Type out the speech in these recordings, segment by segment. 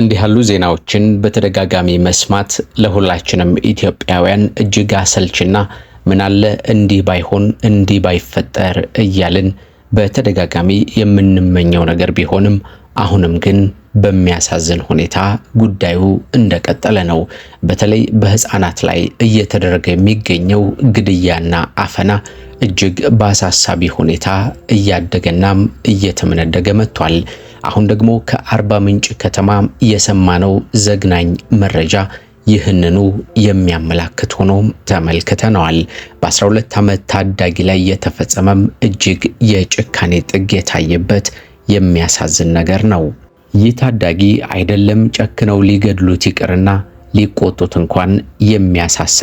እንዲህ ያሉ ዜናዎችን በተደጋጋሚ መስማት ለሁላችንም ኢትዮጵያውያን እጅግ አሰልችና ምናለ እንዲህ ባይሆን እንዲህ ባይፈጠር እያልን በተደጋጋሚ የምንመኘው ነገር ቢሆንም አሁንም ግን በሚያሳዝን ሁኔታ ጉዳዩ እንደቀጠለ ነው። በተለይ በህፃናት ላይ እየተደረገ የሚገኘው ግድያና አፈና እጅግ በአሳሳቢ ሁኔታ እያደገናም እየተመነደገ መጥቷል። አሁን ደግሞ ከአርባ ምንጭ ከተማ የሰማነው ዘግናኝ መረጃ ይህንኑ የሚያመላክት ሆኖ ተመልክተነዋል። በ12 ዓመት ታዳጊ ላይ የተፈጸመም እጅግ የጭካኔ ጥግ የታየበት የሚያሳዝን ነገር ነው። ይህ ታዳጊ አይደለም ጨክነው ሊገድሉት ይቅርና ሊቆጡት እንኳን የሚያሳሳ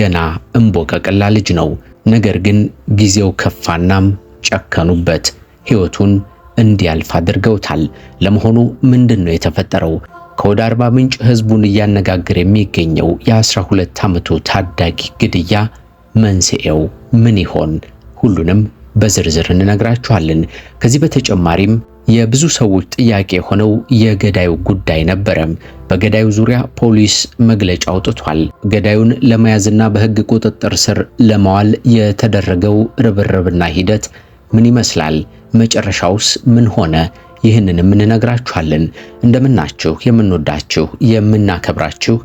ገና እምቦቀቅላ ልጅ ነው። ነገር ግን ጊዜው ከፋናም ጨከኑበት ሕይወቱን እንዲያልፍ አድርገውታል። ለመሆኑ ምንድን ነው የተፈጠረው? ከወደ አርባ ምንጭ ህዝቡን እያነጋገረ የሚገኘው የ12 ዓመቱ ታዳጊ ግድያ መንስኤው ምን ይሆን? ሁሉንም በዝርዝር እንነግራችኋለን። ከዚህ በተጨማሪም የብዙ ሰዎች ጥያቄ የሆነው የገዳዩ ጉዳይ ነበረም። በገዳዩ ዙሪያ ፖሊስ መግለጫ አውጥቷል። ገዳዩን ለመያዝና በህግ ቁጥጥር ስር ለማዋል የተደረገው ርብርብና ሂደት ምን ይመስላል? መጨረሻውስ ምን ሆነ? ይህንንም እንነግራችኋለን። እንደምናችሁ የምንወዳችሁ የምናከብራችሁ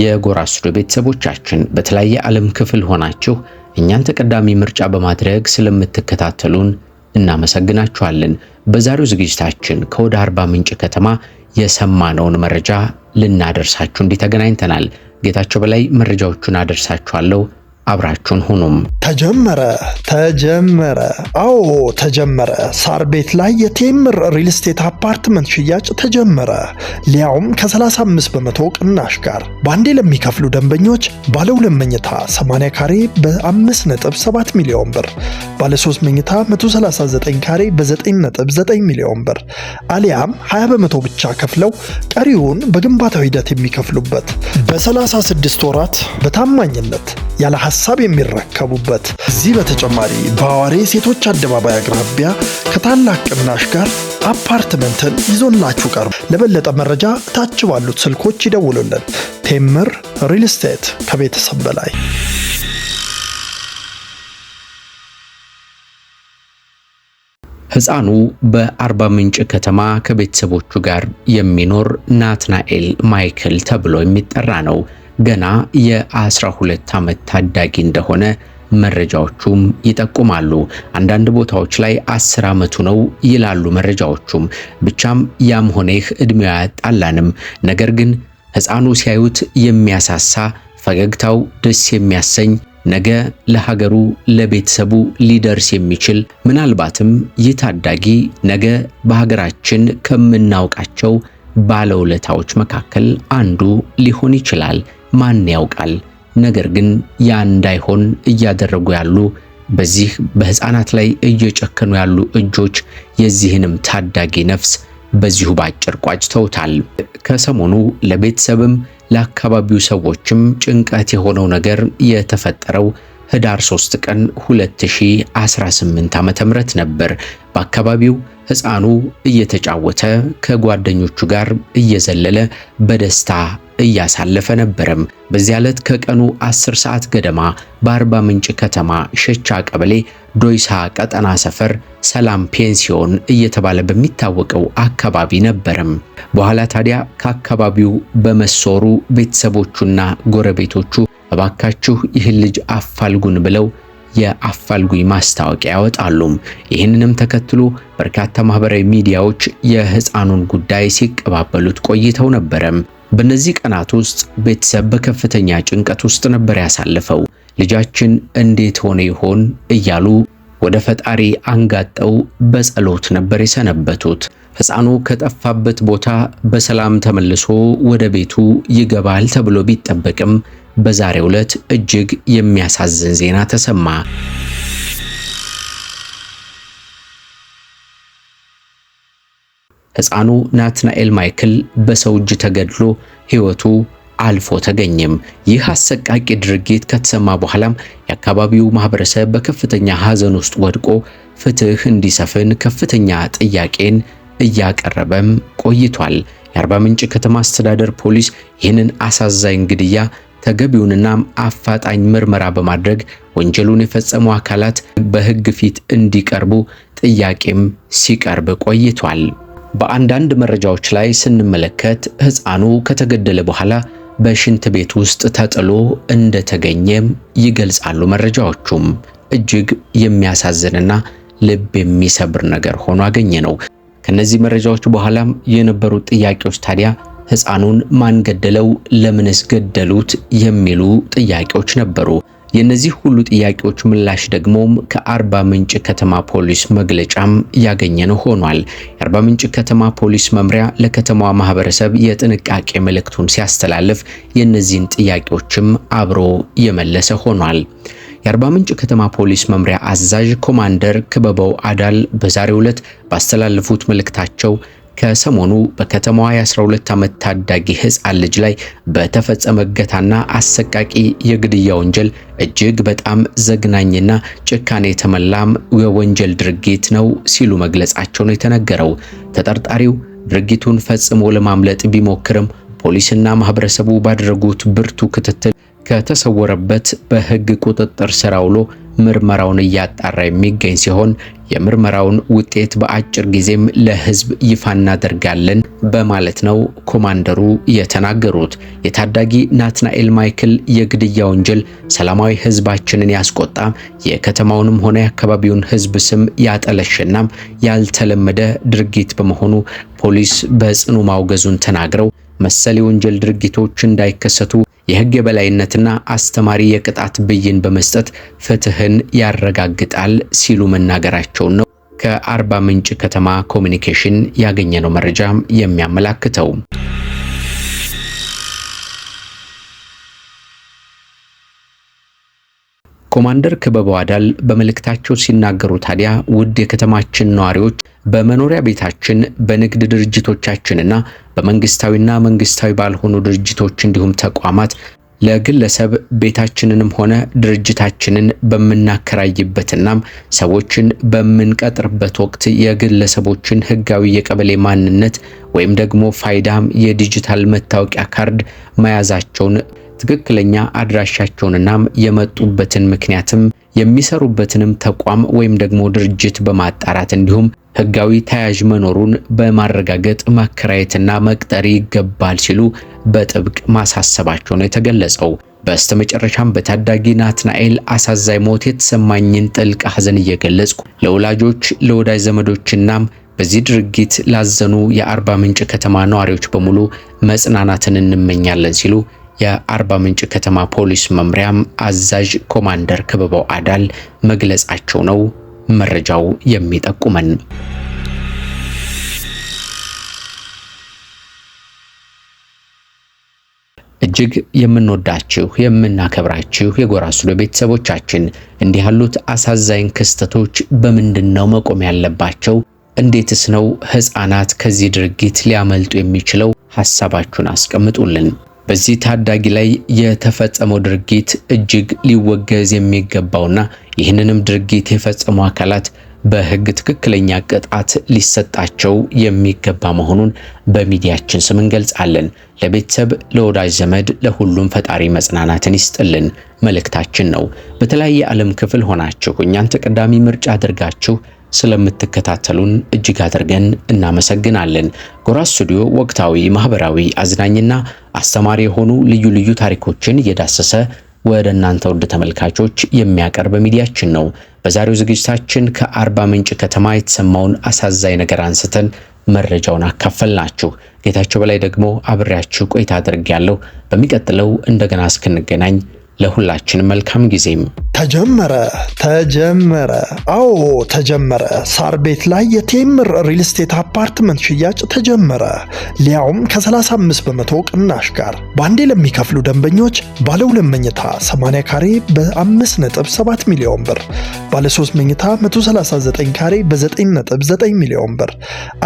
የጎራ ስቱዲዮ ቤተሰቦቻችን በተለያየ ዓለም ክፍል ሆናችሁ እኛን ተቀዳሚ ምርጫ በማድረግ ስለምትከታተሉን እናመሰግናችኋለን። በዛሬው ዝግጅታችን ከወደ አርባ ምንጭ ከተማ የሰማነውን መረጃ ልናደርሳችሁ እንዲህ ተገናኝተናል። ጌታቸው በላይ መረጃዎቹን አደርሳችኋለሁ። አብራችሁን ሁኑም። ተጀመረ ተጀመረ፣ አዎ ተጀመረ። ሳር ቤት ላይ የቴምር ሪል ስቴት አፓርትመንት ሽያጭ ተጀመረ። ሊያውም ከ35 በመቶ ቅናሽ ጋር በአንዴ ለሚከፍሉ ደንበኞች ባለ ሁለት መኝታ 80 ካሬ በ5.7 ሚሊዮን ብር፣ ባለ 3 መኝታ 139 ካሬ በ9.9 ሚሊዮን ብር አሊያም 20 በመቶ ብቻ ከፍለው ቀሪውን በግንባታው ሂደት የሚከፍሉበት በ36 ወራት በታማኝነት ያለ ሀሳብ የሚረከቡበት። እዚህ በተጨማሪ በአዋሬ ሴቶች አደባባይ አቅራቢያ ከታላቅ ቅናሽ ጋር አፓርትመንትን ይዞላችሁ ቀርቡ። ለበለጠ መረጃ ታች ባሉት ስልኮች ይደውሉልን። ቴምር ሪል ስቴት ከቤተሰብ በላይ ሕፃኑ በአርባ ምንጭ ከተማ ከቤተሰቦቹ ጋር የሚኖር ናትናኤል ማይክል ተብሎ የሚጠራ ነው። ገና የ12 ዓመት ታዳጊ እንደሆነ መረጃዎቹም ይጠቁማሉ። አንዳንድ ቦታዎች ላይ አስር ዓመቱ ነው ይላሉ መረጃዎቹም። ብቻም ያም ይህ እድሜው አያጣላንም። ነገር ግን ሕፃኑ ሲያዩት የሚያሳሳ ፈገግታው ደስ የሚያሰኝ ነገ ለሀገሩ ለቤተሰቡ ሊደርስ የሚችል ምናልባትም ይህ ታዳጊ ነገ በሀገራችን ከምናውቃቸው ባለውለታዎች መካከል አንዱ ሊሆን ይችላል። ማን ያውቃል? ነገር ግን ያ እንዳይሆን እያደረጉ ያሉ በዚህ በሕፃናት ላይ እየጨከኑ ያሉ እጆች የዚህንም ታዳጊ ነፍስ በዚሁ ባጭር ቋጭተውታል። ከሰሞኑ ለቤተሰብም ለአካባቢው ሰዎችም ጭንቀት የሆነው ነገር የተፈጠረው ህዳር 3 ቀን 2018 ዓ.ም ነበር። በአካባቢው ህፃኑ እየተጫወተ ከጓደኞቹ ጋር እየዘለለ በደስታ እያሳለፈ ነበረም። በዚያ ዕለት ከቀኑ 10 ሰዓት ገደማ በአርባ ምንጭ ከተማ ሸቻ ቀበሌ ዶይሳ ቀጠና ሰፈር ሰላም ፔንሲዮን እየተባለ በሚታወቀው አካባቢ ነበረም። በኋላ ታዲያ ከአካባቢው በመሶሩ ቤተሰቦቹና ጎረቤቶቹ እባካችሁ ይህን ልጅ አፋልጉን ብለው የአፋልጉኝ ማስታወቂያ ያወጣሉ። ይህንንም ተከትሎ በርካታ ማህበራዊ ሚዲያዎች የህፃኑን ጉዳይ ሲቀባበሉት ቆይተው ነበረም። በእነዚህ ቀናት ውስጥ ቤተሰብ በከፍተኛ ጭንቀት ውስጥ ነበር ያሳለፈው። ልጃችን እንዴት ሆነ ይሆን እያሉ ወደ ፈጣሪ አንጋጠው በጸሎት ነበር የሰነበቱት። ሕፃኑ ከጠፋበት ቦታ በሰላም ተመልሶ ወደ ቤቱ ይገባል ተብሎ ቢጠበቅም በዛሬው ዕለት እጅግ የሚያሳዝን ዜና ተሰማ። ሕፃኑ ናትናኤል ማይክል በሰው እጅ ተገድሎ ሕይወቱ አልፎ ተገኘም። ይህ አሰቃቂ ድርጊት ከተሰማ በኋላም የአካባቢው ማህበረሰብ በከፍተኛ ሐዘን ውስጥ ወድቆ ፍትህ እንዲሰፍን ከፍተኛ ጥያቄን እያቀረበም ቆይቷል። የአርባ ምንጭ ከተማ አስተዳደር ፖሊስ ይህንን አሳዛኝ ግድያ ተገቢውንና አፋጣኝ ምርመራ በማድረግ ወንጀሉን የፈጸሙ አካላት በሕግ ፊት እንዲቀርቡ ጥያቄም ሲቀርብ ቆይቷል። በአንዳንድ መረጃዎች ላይ ስንመለከት ሕፃኑ ከተገደለ በኋላ በሽንት ቤት ውስጥ ተጥሎ እንደተገኘም ይገልጻሉ መረጃዎቹም። እጅግ የሚያሳዝንና ልብ የሚሰብር ነገር ሆኖ አገኘ ነው። ከነዚህ መረጃዎች በኋላም የነበሩት ጥያቄዎች ታዲያ ሕፃኑን ማን ገደለው? ለምንስ ገደሉት? የሚሉ ጥያቄዎች ነበሩ። የእነዚህ ሁሉ ጥያቄዎች ምላሽ ደግሞም ከአርባ ምንጭ ከተማ ፖሊስ መግለጫም ያገኘነው ሆኗል። የአርባ ምንጭ ከተማ ፖሊስ መምሪያ ለከተማዋ ማህበረሰብ የጥንቃቄ መልእክቱን ሲያስተላልፍ የእነዚህን ጥያቄዎችም አብሮ የመለሰ ሆኗል። የአርባ ምንጭ ከተማ ፖሊስ መምሪያ አዛዥ ኮማንደር ክበበው አዳል በዛሬው ዕለት ባስተላለፉት መልእክታቸው ከሰሞኑ በከተማዋ የ12 ዓመት ታዳጊ ህፃን ልጅ ላይ በተፈጸመ እገታና አሰቃቂ የግድያ ወንጀል እጅግ በጣም ዘግናኝና ጭካኔ የተመላም የወንጀል ድርጊት ነው ሲሉ መግለጻቸው ነው የተነገረው። ተጠርጣሪው ድርጊቱን ፈጽሞ ለማምለጥ ቢሞክርም ፖሊስና ማህበረሰቡ ባደረጉት ብርቱ ክትትል ከተሰወረበት በህግ ቁጥጥር ስር አውሎ ምርመራውን እያጣራ የሚገኝ ሲሆን የምርመራውን ውጤት በአጭር ጊዜም ለህዝብ ይፋ እናደርጋለን በማለት ነው ኮማንደሩ የተናገሩት። የታዳጊ ናትናኤል ማይክል የግድያ ወንጀል ሰላማዊ ህዝባችንን ያስቆጣ የከተማውንም ሆነ የአካባቢውን ህዝብ ስም ያጠለሸናም ያልተለመደ ድርጊት በመሆኑ ፖሊስ በጽኑ ማውገዙን ተናግረው መሰል የወንጀል ድርጊቶች እንዳይከሰቱ የህግ የበላይነትና አስተማሪ የቅጣት ብይን በመስጠት ፍትህን ያረጋግጣል ሲሉ መናገራቸውን ነው ከአርባ ምንጭ ከተማ ኮሚኒኬሽን ያገኘነው መረጃ የሚያመላክተው። ኮማንደር ክበበ አዳል በመልእክታቸው ሲናገሩ ታዲያ ውድ የከተማችን ነዋሪዎች በመኖሪያ ቤታችን በንግድ ድርጅቶቻችንና በመንግስታዊና መንግስታዊ ባልሆኑ ድርጅቶች እንዲሁም ተቋማት ለግለሰብ ቤታችንንም ሆነ ድርጅታችንን በምናከራይበትናም ሰዎችን በምንቀጥርበት ወቅት የግለሰቦችን ህጋዊ የቀበሌ ማንነት ወይም ደግሞ ፋይዳም የዲጂታል መታወቂያ ካርድ መያዛቸውን ትክክለኛ አድራሻቸውንናም የመጡበትን ምክንያትም የሚሰሩበትንም ተቋም ወይም ደግሞ ድርጅት በማጣራት እንዲሁም ህጋዊ ተያዥ መኖሩን በማረጋገጥ ማከራየትና መቅጠር ይገባል ሲሉ በጥብቅ ማሳሰባቸው ነው የተገለጸው። በስተመጨረሻም በታዳጊ ናትናኤል አሳዛኝ ሞት የተሰማኝን ጥልቅ ሐዘን እየገለጽኩ ለወላጆች ለወዳጅ ዘመዶችናም በዚህ ድርጊት ላዘኑ የአርባ ምንጭ ከተማ ነዋሪዎች በሙሉ መጽናናትን እንመኛለን ሲሉ የአርባ ምንጭ ከተማ ፖሊስ መምሪያም አዛዥ ኮማንደር ክበባው አዳል መግለጻቸው ነው መረጃው የሚጠቁመን። እጅግ የምንወዳችሁ የምናከብራችሁ የጎራ ስቱዲዮ ቤተሰቦቻችን እንዲህ ያሉት አሳዛኝ ክስተቶች በምንድን ነው መቆም ያለባቸው? እንዴትስ ነው ሕፃናት ከዚህ ድርጊት ሊያመልጡ የሚችለው? ሐሳባችሁን አስቀምጡልን። በዚህ ታዳጊ ላይ የተፈጸመው ድርጊት እጅግ ሊወገዝ የሚገባውና ይህንንም ድርጊት የፈጸሙ አካላት በሕግ ትክክለኛ ቅጣት ሊሰጣቸው የሚገባ መሆኑን በሚዲያችን ስም እንገልጻለን። ለቤተሰብ፣ ለወዳጅ ዘመድ፣ ለሁሉም ፈጣሪ መጽናናትን ይስጥልን መልእክታችን ነው። በተለያየ ዓለም ክፍል ሆናችሁ እኛን ተቀዳሚ ምርጫ አድርጋችሁ ስለምትከታተሉን እጅግ አድርገን እናመሰግናለን። ጎራ ስቱዲዮ ወቅታዊ፣ ማህበራዊ፣ አዝናኝና አስተማሪ የሆኑ ልዩ ልዩ ታሪኮችን እየዳሰሰ ወደ እናንተ ውድ ተመልካቾች የሚያቀርብ ሚዲያችን ነው። በዛሬው ዝግጅታችን ከአርባ ምንጭ ከተማ የተሰማውን አሳዛኝ ነገር አንስተን መረጃውን አካፈልናችሁ። ጌታቸው በላይ ደግሞ አብሬያችሁ ቆይታ አድርጌያለሁ። በሚቀጥለው እንደገና እስክንገናኝ ለሁላችን መልካም ጊዜም ተጀመረ ተጀመረ። አዎ ተጀመረ። ሳር ቤት ላይ የቴምር ሪል ስቴት አፓርትመንት ሽያጭ ተጀመረ። ሊያውም ከ35 በመቶ ቅናሽ ጋር በአንዴ ለሚከፍሉ ደንበኞች ባለ ሁለት መኝታ 80 ካሬ በ5.7 ሚሊዮን ብር፣ ባለ 3 መኝታ 139 ካሬ በ9.9 ሚሊዮን ብር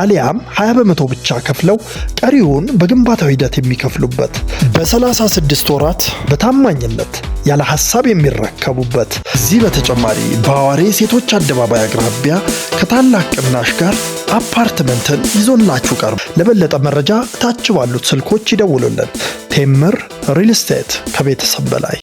አሊያም 20 በመቶ ብቻ ከፍለው ቀሪውን በግንባታው ሂደት የሚከፍሉበት በ36 ወራት በታማኝነት ያለ ሀሳብ የሚረከቡበት። እዚህ በተጨማሪ በአዋሬ ሴቶች አደባባይ አቅራቢያ ከታላቅ ቅናሽ ጋር አፓርትመንትን ይዞላችሁ ቀርቡ። ለበለጠ መረጃ ታች ባሉት ስልኮች ይደውሉልን። ቴምር ሪል ስቴት ከቤተሰብ በላይ